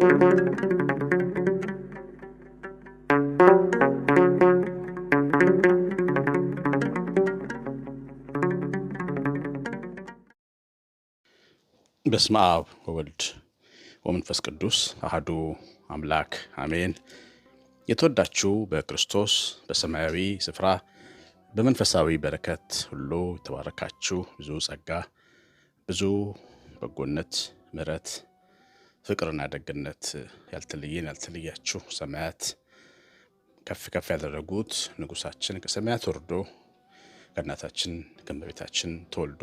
በስመ አብ ወወልድ ወመንፈስ ቅዱስ አህዱ አምላክ አሜን። የተወዳችሁ በክርስቶስ በሰማያዊ ስፍራ በመንፈሳዊ በረከት ሁሉ የተባረካችሁ ብዙ ጸጋ፣ ብዙ በጎነት፣ ምሕረት ፍቅርና ደግነት ያልተለየን ያልተለያችሁ ሰማያት ከፍ ከፍ ያደረጉት ንጉሳችን ከሰማያት ወርዶ ከእናታችን ከእመቤታችን ተወልዶ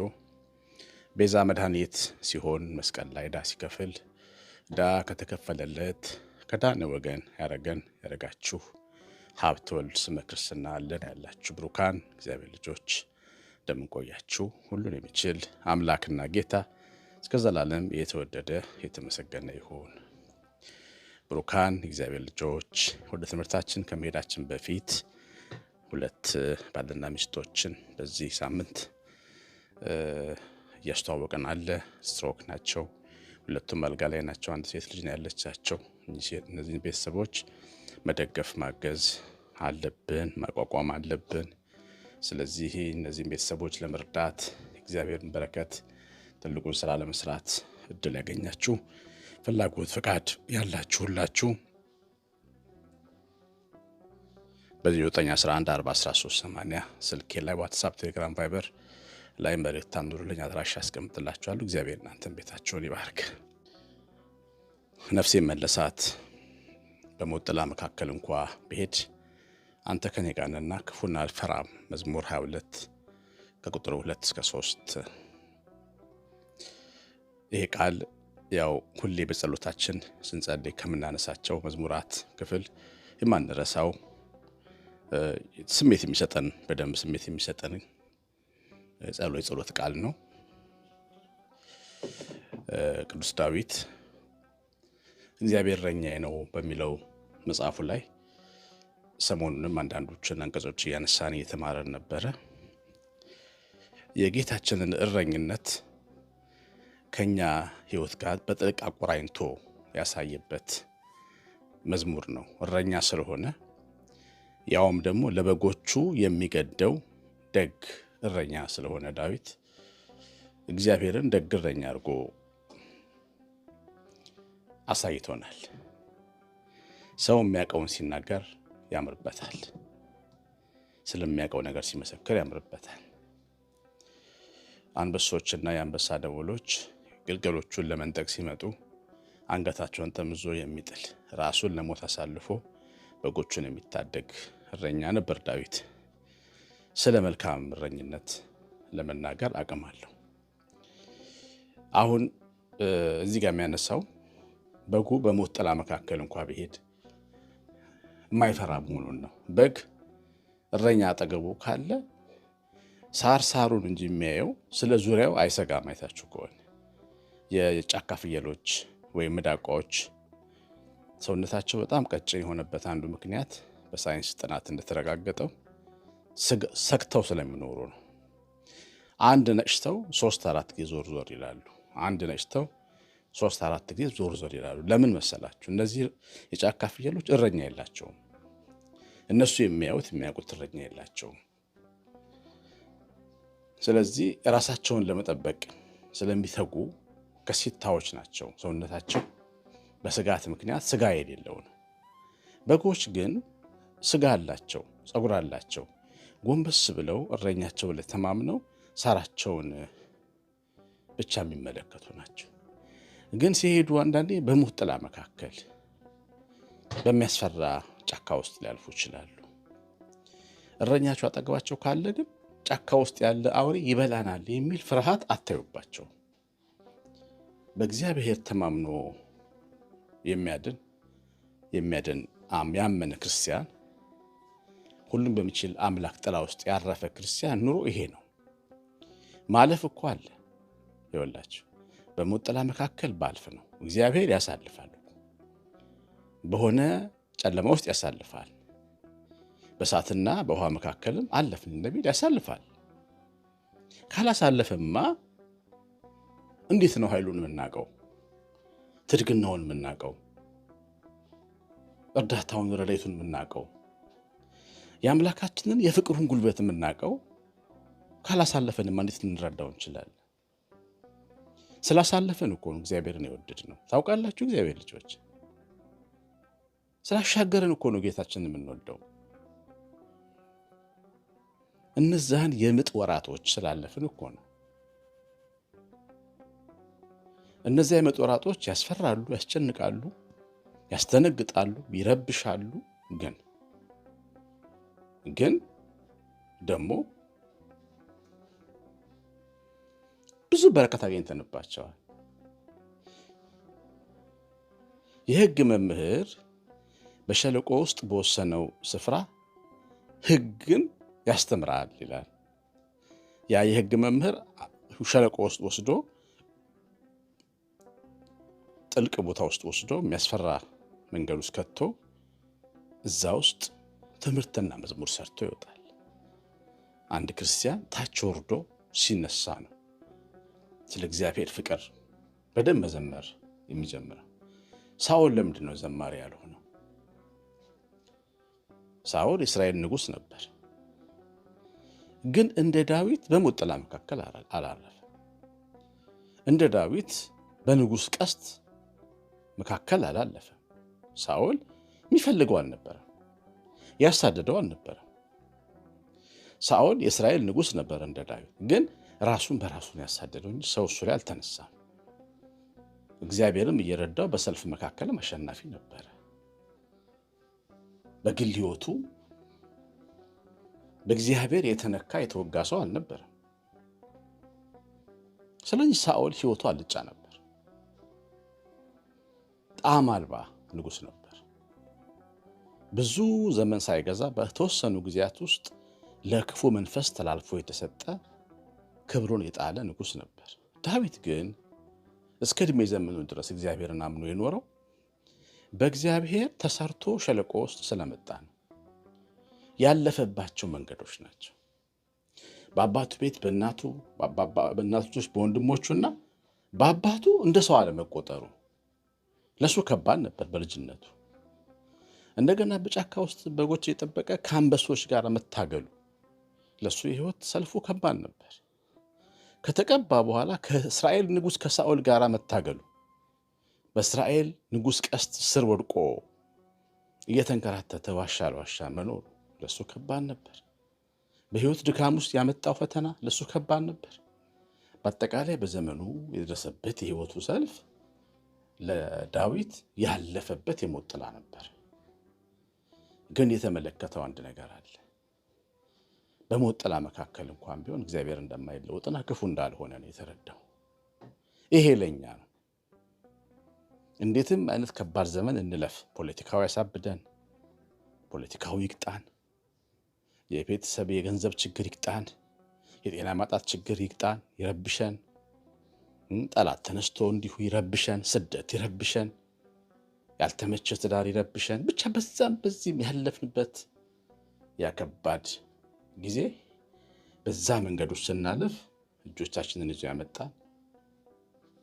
ቤዛ መድኃኒት ሲሆን መስቀል ላይ ዳ ሲከፍል ዳ ከተከፈለለት ከዳነ ወገን ያረገን ያረጋችሁ ሀብት ወልድ ስመ ክርስትና አለን ያላችሁ ብሩካን እግዚአብሔር ልጆች እንደምንቆያችሁ ሁሉን የሚችል አምላክና ጌታ እስከ ዘላለም የተወደደ የተመሰገነ ይሁን። ብሩካን እግዚአብሔር ልጆች፣ ወደ ትምህርታችን ከመሄዳችን በፊት ሁለት ባልና ሚስቶችን በዚህ ሳምንት እያስተዋወቀን አለ። ስትሮክ ናቸው። ሁለቱም አልጋ ላይ ናቸው። አንድ ሴት ልጅ ነው ያለቻቸው። እነዚህን ቤተሰቦች መደገፍ ማገዝ አለብን፣ ማቋቋም አለብን። ስለዚህ እነዚህን ቤተሰቦች ለመርዳት እግዚአብሔርን በረከት ትልቁን ስራ ለመስራት እድል ያገኛችሁ ፍላጎት፣ ፍቃድ ያላችሁ ሁላችሁ በዚህ በ911411380 ስልኬ ላይ ዋትሳፕ፣ ቴሌግራም፣ ቫይበር ላይ መልእክት አኑሩልኝ። አድራሻ ያስቀምጥላችኋለሁ። እግዚአብሔር እናንተን ቤታቸውን ይባርክ። ነፍሴ መለሳት በሞት ጥላ መካከል እንኳ ብሄድ አንተ ከኔ ጋር ነህና ክፉን አልፈራም። መዝሙር 22 ከቁጥር 2 እስከ 3 ይሄ ቃል ያው ሁሌ በጸሎታችን ስንጸልይ ከምናነሳቸው መዝሙራት ክፍል የማንረሳው ስሜት የሚሰጠን በደንብ ስሜት የሚሰጠን ጸሎ የጸሎት ቃል ነው። ቅዱስ ዳዊት እግዚአብሔር እረኛዬ ነው በሚለው መጽሐፉ ላይ ሰሞኑንም አንዳንዶችን አንቀጾች እያነሳን እየተማረን ነበረ የጌታችንን እረኝነት ከኛ ህይወት ጋር በጥልቅ አቆራኝቶ ያሳየበት መዝሙር ነው። እረኛ ስለሆነ ያውም ደግሞ ለበጎቹ የሚገደው ደግ እረኛ ስለሆነ ዳዊት እግዚአብሔርን ደግ እረኛ አድርጎ አሳይቶናል። ሰው የሚያውቀውን ሲናገር ያምርበታል። ስለሚያውቀው ነገር ሲመሰክር ያምርበታል። አንበሶችና የአንበሳ ደወሎች ግልገሎቹን ለመንጠቅ ሲመጡ አንገታቸውን ጠምዞ የሚጥል ራሱን ለሞት አሳልፎ በጎቹን የሚታደግ እረኛ ነበር ዳዊት። ስለ መልካም እረኝነት ለመናገር አቅም አለው። አሁን እዚህ ጋር የሚያነሳው በጉ በሞት ጥላ መካከል እንኳ ቢሄድ የማይፈራ መሆኑን ነው። በግ እረኛ አጠገቡ ካለ ሳር ሳሩን እንጂ የሚያየው ስለ ዙሪያው አይሰጋም። አይታችሁ ከሆነ የጫካ ፍየሎች ወይም ሚዳቋዎች ሰውነታቸው በጣም ቀጭን የሆነበት አንዱ ምክንያት በሳይንስ ጥናት እንደተረጋገጠው ሰግተው ስለሚኖሩ ነው። አንድ ነጭተው ሶስት አራት ጊዜ ዞር ዞር ይላሉ። አንድ ነጭተው ሶስት አራት ጊዜ ዞር ዞር ይላሉ። ለምን መሰላችሁ? እነዚህ የጫካ ፍየሎች እረኛ የላቸውም። እነሱ የሚያዩት የሚያውቁት እረኛ የላቸውም። ስለዚህ ራሳቸውን ለመጠበቅ ስለሚተጉ ከሲታዎች ናቸው። ሰውነታቸው በስጋት ምክንያት ስጋ የሌለው ነው። በጎች ግን ስጋ አላቸው፣ ፀጉር አላቸው። ጎንበስ ብለው እረኛቸው ብለ ተማምነው ሳራቸውን ብቻ የሚመለከቱ ናቸው። ግን ሲሄዱ አንዳንዴ በሞት ጥላ መካከል በሚያስፈራ ጫካ ውስጥ ሊያልፉ ይችላሉ። እረኛቸው አጠገባቸው ካለ ግን ጫካ ውስጥ ያለ አውሬ ይበላናል የሚል ፍርሃት አታዩባቸው። በእግዚአብሔር ተማምኖ የሚያድን የሚያድን ያመነ ክርስቲያን ሁሉም በሚችል አምላክ ጥላ ውስጥ ያረፈ ክርስቲያን ኑሮ ይሄ ነው። ማለፍ እኮ አለ ይወላችሁ። በሞት ጥላ መካከል ባልፍ ነው። እግዚአብሔር ያሳልፋል። በሆነ ጨለማ ውስጥ ያሳልፋል። በእሳትና በውሃ መካከልም አለፍን እንደሚል ያሳልፋል። ካላሳለፈማ እንዴት ነው ኃይሉን የምናውቀው? ትድግናውን የምናውቀው? እርዳታውን ረድኤቱን የምናውቀው የአምላካችንን የፍቅሩን ጉልበት የምናውቀው ካላሳለፈንም እንዴት ልንረዳው እንችላለን? ስላሳለፈን እኮ ነው እግዚአብሔርን የወደድ ነው። ታውቃላችሁ እግዚአብሔር ልጆች ስላሻገረን እኮ ነው ጌታችንን የምንወደው። እነዛህን የምጥ ወራቶች ስላለፍን እኮ ነው። እነዚያ የመጦራጦች ያስፈራሉ፣ ያስጨንቃሉ፣ ያስተነግጣሉ ይረብሻሉ። ግን ግን ደግሞ ብዙ በረከት አግኝተንባቸዋል። የህግ መምህር በሸለቆ ውስጥ በወሰነው ስፍራ ህግን ያስተምራል ይላል። ያ የህግ መምህር ሸለቆ ውስጥ ወስዶ ጥልቅ ቦታ ውስጥ ወስዶ የሚያስፈራ መንገድ ውስጥ ከቶ እዛ ውስጥ ትምህርትና መዝሙር ሰርቶ ይወጣል። አንድ ክርስቲያን ታች ወርዶ ሲነሳ ነው ስለ እግዚአብሔር ፍቅር በደንብ መዘመር የሚጀምረው። ሳውል ለምንድን ነው ዘማሪ ያልሆነው? ሳውል የእስራኤል ንጉሥ ነበር፣ ግን እንደ ዳዊት በሞት ጥላ መካከል አላረፈ። እንደ ዳዊት በንጉሥ ቀስት መካከል አላለፈም። ሳኦል የሚፈልገው አልነበረም፣ ያሳደደው አልነበረም። ሳኦል የእስራኤል ንጉሥ ነበር እንደ ዳዊት። ግን ራሱን በራሱን ያሳደደው እንጂ ሰው እሱ ላይ አልተነሳም። እግዚአብሔርም እየረዳው በሰልፍ መካከልም አሸናፊ ነበረ። በግል ሕይወቱ በእግዚአብሔር የተነካ የተወጋ ሰው አልነበረም። ስለዚህ ሳኦል ሕይወቱ አልጫ ነበር። በጣም አልባ ንጉስ ነበር። ብዙ ዘመን ሳይገዛ በተወሰኑ ጊዜያት ውስጥ ለክፉ መንፈስ ተላልፎ የተሰጠ ክብሩን የጣለ ንጉስ ነበር። ዳዊት ግን እስከ ዕድሜ ዘመኑ ድረስ እግዚአብሔርን አምኖ የኖረው በእግዚአብሔር ተሰርቶ ሸለቆ ውስጥ ስለመጣ ነው። ያለፈባቸው መንገዶች ናቸው። በአባቱ ቤት በእናቱ በእናቶች በወንድሞቹና በአባቱ እንደ ሰው አለመቆጠሩ ለእሱ ከባድ ነበር በልጅነቱ። እንደገና በጫካ ውስጥ በጎች የጠበቀ ከአንበሶች ጋር መታገሉ ለእሱ የህይወት ሰልፉ ከባድ ነበር። ከተቀባ በኋላ ከእስራኤል ንጉሥ ከሳኦል ጋር መታገሉ በእስራኤል ንጉሥ ቀስት ስር ወድቆ እየተንከራተተ ዋሻ ለዋሻ መኖሩ ለእሱ ከባድ ነበር። በህይወት ድካም ውስጥ ያመጣው ፈተና ለእሱ ከባድ ነበር። በአጠቃላይ በዘመኑ የደረሰበት የህይወቱ ሰልፍ ለዳዊት ያለፈበት የሞት ጥላ ነበር። ግን የተመለከተው አንድ ነገር አለ። በሞት ጥላ መካከል እንኳን ቢሆን እግዚአብሔር እንደማይለወጥና ክፉ እንዳልሆነ ነው የተረዳው። ይሄ ለኛ ነው። እንዴትም አይነት ከባድ ዘመን እንለፍ፣ ፖለቲካው ያሳብደን፣ ፖለቲካው ይቅጣን፣ የቤተሰብ የገንዘብ ችግር ይቅጣን፣ የጤና ማጣት ችግር ይቅጣን፣ ይረብሸን ጠላት ተነስቶ እንዲሁ ይረብሸን፣ ስደት ይረብሸን፣ ያልተመቸ ትዳር ይረብሸን። ብቻ በዛም በዚህም ያለፍንበት ያከባድ ጊዜ በዛ መንገዱ ስናልፍ እጆቻችንን ይዞ ያመጣን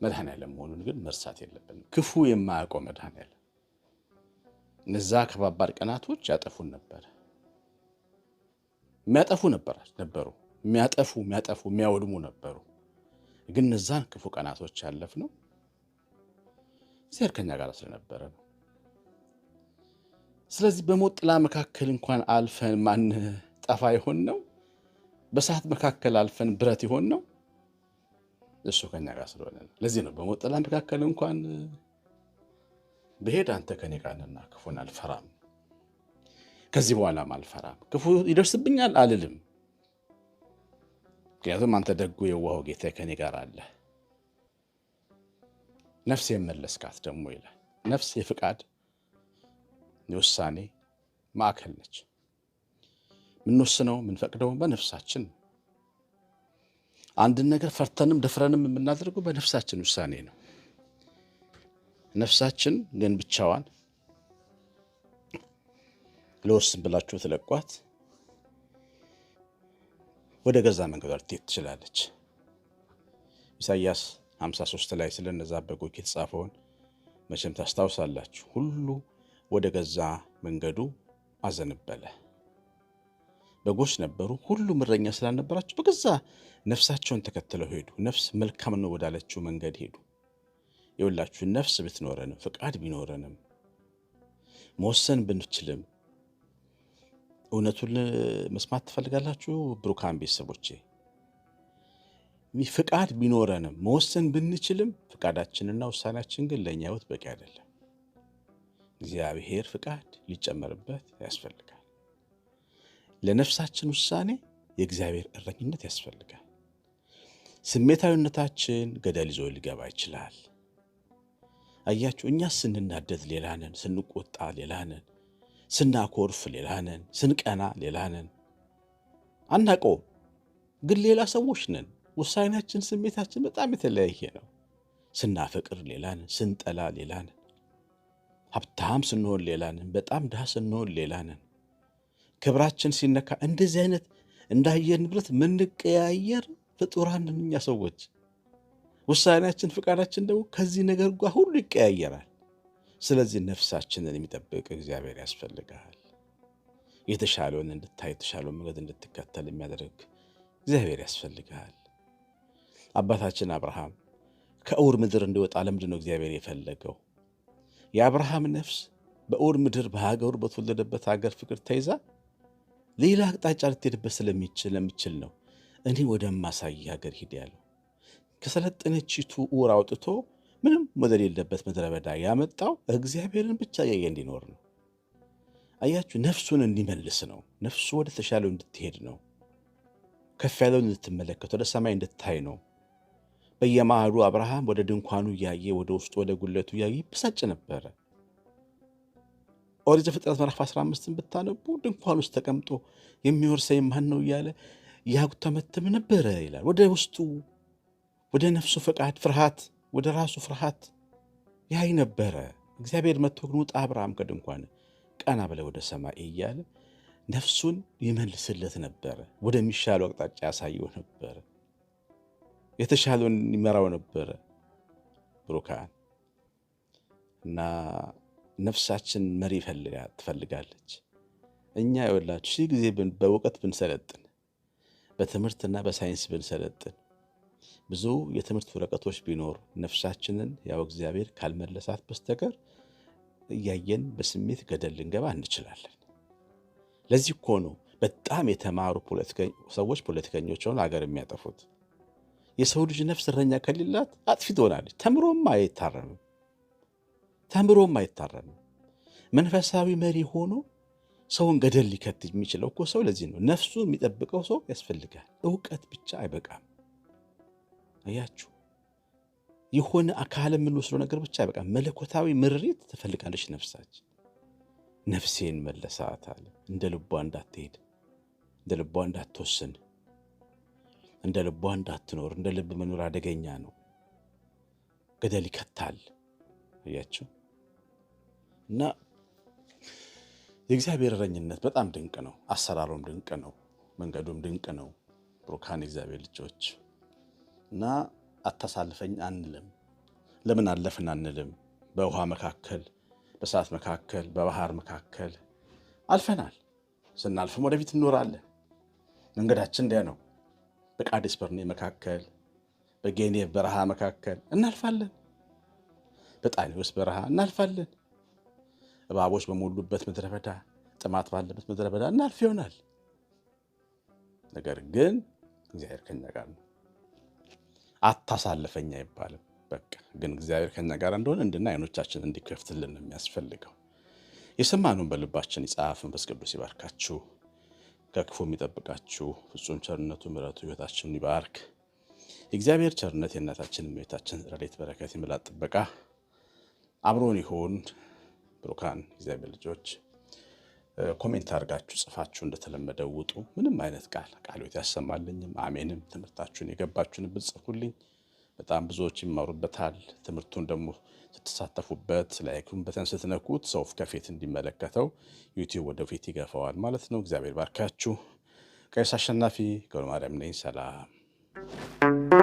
መድኃኔዓለም መሆኑን ግን መርሳት የለብንም። ክፉ የማያውቀው መድኃኔዓለም እነዛ ከባባድ ቀናቶች ያጠፉን ነበር የሚያጠፉ ነበራች ነበሩ የሚያጠፉ የሚያጠፉ የሚያወድሙ ነበሩ። ግን እነዛን ክፉ ቀናቶች ያለፍነው እግዚአብሔር ከኛ ጋር ስለነበረ ነው። ስለዚህ በሞት ጥላ መካከል እንኳን አልፈን ማን ጠፋ ይሆን ነው? በእሳት መካከል አልፈን ብረት ይሆን ነው? እሱ ከኛ ጋር ስለሆነ ነው። ለዚህ ነው በሞት ጥላ መካከል እንኳን ብሄድ አንተ ከኔ ጋር ነህና ክፉን አልፈራም። ከዚህ በኋላም አልፈራም። ክፉ ይደርስብኛል አልልም ምክንያቱም አንተ ደጉ የዋሁ ጌታ ከኔ ጋር አለ። ነፍስ የመለስካት ደግሞ ይላል። ነፍስ የፍቃድ የውሳኔ ማዕከል ነች። የምንወስነው የምንፈቅደው በነፍሳችን አንድን ነገር ፈርተንም ደፍረንም የምናደርገው በነፍሳችን ውሳኔ ነው። ነፍሳችን ግን ብቻዋን ለወስን ብላችሁ ትለቋት ወደ ገዛ መንገዷ ልትሄድ ትችላለች። ኢሳያስ 53 ላይ ስለ እነዛ በጎች የተጻፈውን መቼም ታስታውሳላችሁ። ሁሉ ወደ ገዛ መንገዱ አዘንበለ በጎች ነበሩ፣ ሁሉም እረኛ ስላልነበራቸው በገዛ ነፍሳቸውን ተከትለው ሄዱ። ነፍስ መልካም ነው ወዳለችው መንገድ ሄዱ። የሁላችሁ ነፍስ ብትኖረንም ፍቃድ ቢኖረንም መወሰን ብንችልም እውነቱን መስማት ትፈልጋላችሁ? ብሩካን ቤተሰቦቼ ፍቃድ ቢኖረንም መወሰን ብንችልም ፍቃዳችንና ውሳኔያችን ግን ለእኛ ህይወት በቂ አይደለም። እግዚአብሔር ፍቃድ ሊጨመርበት ያስፈልጋል። ለነፍሳችን ውሳኔ የእግዚአብሔር እረኝነት ያስፈልጋል። ስሜታዊነታችን ገደል ይዞ ሊገባ ይችላል። አያችሁ፣ እኛ ስንናደድ ሌላ ነን፣ ስንቆጣ ሌላ ነን፣ ስናኮርፍ ሌላ ነን፣ ስንቀና ሌላ ነን። አናቀውም፣ ግን ሌላ ሰዎች ነን። ውሳኔያችን፣ ስሜታችን በጣም የተለያየ ነው። ስናፈቅር ሌላ ነን፣ ስንጠላ ሌላ ነን። ሀብታም ስንሆን ሌላ ነን፣ በጣም ድሃ ስንሆን ሌላ ነን። ክብራችን ሲነካ እንደዚህ አይነት እንደ አየር ንብረት ምንቀያየር ፍጡራን እኛ ሰዎች። ውሳኔያችን፣ ፍቃዳችን ደግሞ ከዚህ ነገር ጋር ሁሉ ይቀያየራል። ስለዚህ ነፍሳችንን የሚጠብቅ እግዚአብሔር ያስፈልግሃል። የተሻለውን እንድታይ የተሻለውን መንገድ እንድትከተል የሚያደርግ እግዚአብሔር ያስፈልግሃል። አባታችን አብርሃም ከእውር ምድር እንዲወጣ ለምንድን ነው እግዚአብሔር የፈለገው? የአብርሃም ነፍስ በእውር ምድር በሀገሩ በተወለደበት ሀገር ፍቅር ተይዛ ሌላ አቅጣጫ ልትሄድበት ስለሚችል ነው። እኔ ወደማሳይ ሀገር ሂድ ያለው ከሰለጠነችቱ እውር አውጥቶ ምንም ወደሌለበት ምድረ በዳ ያመጣው እግዚአብሔርን ብቻ ያየ እንዲኖር ነው። አያችሁ፣ ነፍሱን እንዲመልስ ነው። ነፍሱ ወደ ተሻለው እንድትሄድ ነው። ከፍ ያለው እንድትመለከት፣ ወደ ሰማይ እንድታይ ነው። በየማዕዱ አብርሃም ወደ ድንኳኑ እያየ ወደ ውስጡ ወደ ጉለቱ እያየ ይበሳጭ ነበረ። ኦሪት ዘፍጥረት ምዕራፍ 15ን ብታነቡ ድንኳን ውስጥ ተቀምጦ የሚወርሰኝ ማን ነው እያለ ያጉተመትም ነበረ ይላል። ወደ ውስጡ ወደ ነፍሱ ፈቃድ ፍርሃት ወደ ራሱ ፍርሃት ያይ ነበረ። እግዚአብሔር መጥቶ ግን ውጣ አብርሃም ከድንኳን ቀና ብለ ወደ ሰማይ እያለ ነፍሱን ይመልስለት ነበረ። ወደሚሻለው አቅጣጫ ያሳየው ነበረ። የተሻለውን ይመራው ነበረ። ብሩካን እና ነፍሳችን መሪ ትፈልጋለች። እኛ የወላችሁ ሺህ ጊዜ በእውቀት ብንሰለጥን፣ በትምህርትና በሳይንስ ብንሰለጥን ብዙ የትምህርት ወረቀቶች ቢኖር ነፍሳችንን ያው እግዚአብሔር ካልመለሳት በስተቀር እያየን በስሜት ገደል ልንገባ እንችላለን። ለዚህ እኮ ነው በጣም የተማሩ ሰዎች ፖለቲከኞች ሆነው ሀገር የሚያጠፉት። የሰው ልጅ ነፍስ እረኛ ከሌላት አጥፊ ትሆናለች። ተምሮም አይታረምም። ተምሮም አይታረምም። መንፈሳዊ መሪ ሆኖ ሰውን ገደል ሊከት የሚችለው እኮ ሰው ለዚህ ነው። ነፍሱ የሚጠብቀው ሰው ያስፈልጋል። እውቀት ብቻ አይበቃም። አያችሁ፣ የሆነ አካል የምንወስደው ነገር ብቻ በቃ መለኮታዊ ምሪት ትፈልጋለች ነፍሳችን። ነፍሴን መለሳት አለ። እንደ ልቧ እንዳትሄድ፣ እንደ ልቧ እንዳትወስን፣ እንደ ልቧ እንዳትኖር። እንደ ልብ መኖር አደገኛ ነው፣ ገደል ይከታል። አያችሁ እና የእግዚአብሔር እረኝነት በጣም ድንቅ ነው። አሰራሩም ድንቅ ነው። መንገዱም ድንቅ ነው። ብሩካን የእግዚአብሔር ልጆች እና አታሳልፈኝ አንልም። ለምን አለፍን አንልም። በውሃ መካከል፣ በእሳት መካከል፣ በባህር መካከል አልፈናል። ስናልፍም ወደፊት እንኖራለን። መንገዳችን እንዲያ ነው። በቃዴስ በርኔ መካከል፣ በጌኔቭ በረሃ መካከል እናልፋለን። በጣሊዎስ በረሃ እናልፋለን። እባቦች በሞሉበት ምድረ በዳ፣ ጥማት ባለበት ምድረ በዳ እናልፍ ይሆናል። ነገር ግን እግዚአብሔር ከኛ ጋር ነው። አታሳልፈኝ አይባልም። በቃ ግን እግዚአብሔር ከኛ ጋር እንደሆነ እንድና አይኖቻችን እንዲከፍትልን ነው የሚያስፈልገው። የሰማነውን በልባችን ይጻፍ። መንፈስ ቅዱስ ይባርካችሁ፣ ከክፉ የሚጠብቃችሁ ፍጹም ቸርነቱ ምሕረቱ ህይወታችን ይባርክ። የእግዚአብሔር ቸርነት የእናታችን እመቤታችን ረድኤት በረከት የምላት ጥበቃ አብሮን ይሁን። ብሩካን እግዚአብሔር ልጆች ኮሜንት አድርጋችሁ ጽፋችሁ እንደተለመደው ውጡ። ምንም አይነት ቃል ቃሎት ያሰማልኝም አሜንም ትምህርታችሁን የገባችሁን ብጽፉልኝ በጣም ብዙዎች ይማሩበታል። ትምህርቱን ደግሞ ስትሳተፉበት ላይኩን በተን ስትነኩት ሰው ከፊት እንዲመለከተው ዩቲዩብ ወደፊት ይገፋዋል ማለት ነው። እግዚአብሔር ባርካችሁ። ቀሲስ አሸናፊ ገብረ ነኝ። ሰላም